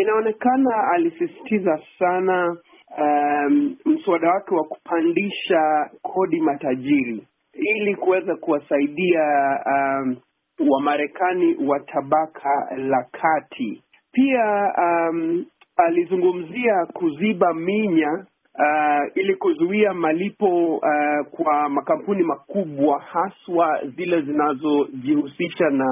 inaonekana alisisitiza sana um, mswada wake wa kupandisha kodi matajiri ili kuweza kuwasaidia um, Wamarekani wa tabaka la kati. Pia um, alizungumzia kuziba minya uh, ili kuzuia malipo uh, kwa makampuni makubwa haswa zile zinazojihusisha na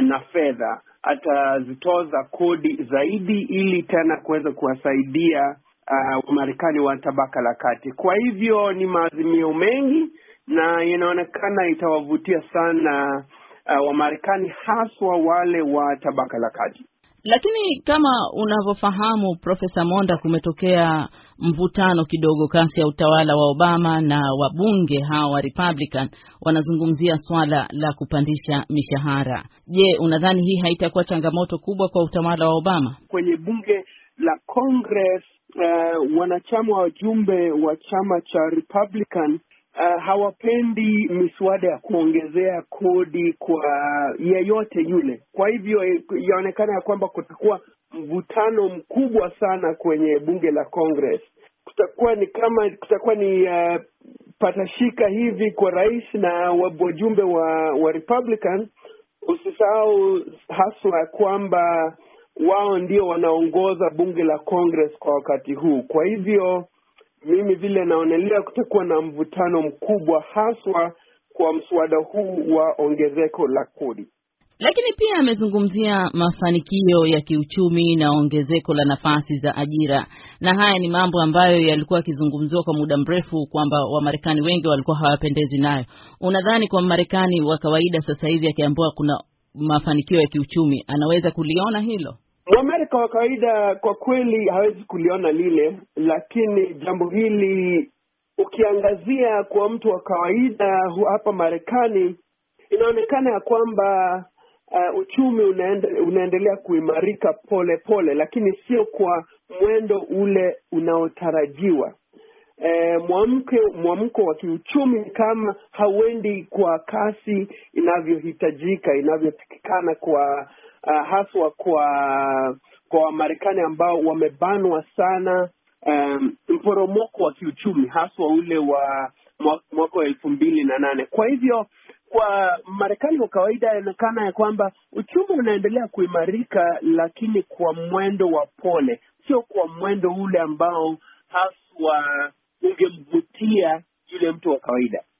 na fedha, atazitoza kodi zaidi ili tena kuweza kuwasaidia uh, Wamarekani wa tabaka la kati. Kwa hivyo ni maazimio mengi na inaonekana itawavutia sana uh, Wamarekani haswa wale wa tabaka la kati. Lakini kama unavyofahamu Profesa Monda, kumetokea mvutano kidogo kasi ya utawala wa Obama na wabunge hawa wa Republican wanazungumzia swala la kupandisha mishahara. Je, unadhani hii haitakuwa changamoto kubwa kwa utawala wa Obama? Kwenye bunge la Congress, uh, wanachama wajumbe wa chama cha Republican Uh, hawapendi miswada ya kuongezea kodi kwa yeyote yule. Kwa hivyo eh, yaonekana ya kwamba kutakuwa mvutano mkubwa sana kwenye bunge la Congress. Kutakuwa ni kama kutakuwa ni uh, patashika hivi kwa rais na wajumbe wa, wa Republican. Usisahau haswa kwamba wao ndio wanaongoza bunge la Congress kwa wakati huu, kwa hivyo mimi vile naonelea kutakuwa na mvutano mkubwa haswa kwa mswada huu wa ongezeko la kodi. Lakini pia amezungumzia mafanikio ya kiuchumi na ongezeko la nafasi za ajira, na haya ni mambo ambayo yalikuwa yakizungumziwa kwa muda mrefu kwamba Wamarekani wengi walikuwa hawapendezi nayo. Unadhani kwa Marekani wa kawaida sasa hivi akiambiwa kuna mafanikio ya kiuchumi anaweza kuliona hilo? Mwamerika wa kawaida kwa kweli hawezi kuliona lile, lakini jambo hili ukiangazia kwa mtu wa kawaida hapa Marekani, inaonekana ya kwamba uh, uchumi unaende, unaendelea kuimarika pole pole, lakini sio kwa mwendo ule unaotarajiwa. E, mwamke mwamko wa kiuchumi kama hauendi kwa kasi inavyohitajika inavyotakikana kwa uh, haswa kwa kwa Wamarekani ambao wamebanwa sana um, mporomoko wa kiuchumi haswa ule wa mwaka wa elfu mbili na nane. Kwa hivyo kwa Marekani kwa kawaida inaonekana ya kwamba uchumi unaendelea kuimarika, lakini kwa mwendo wa pole, sio kwa mwendo ule ambao haswa ungemvutia yule mtu wa kawaida.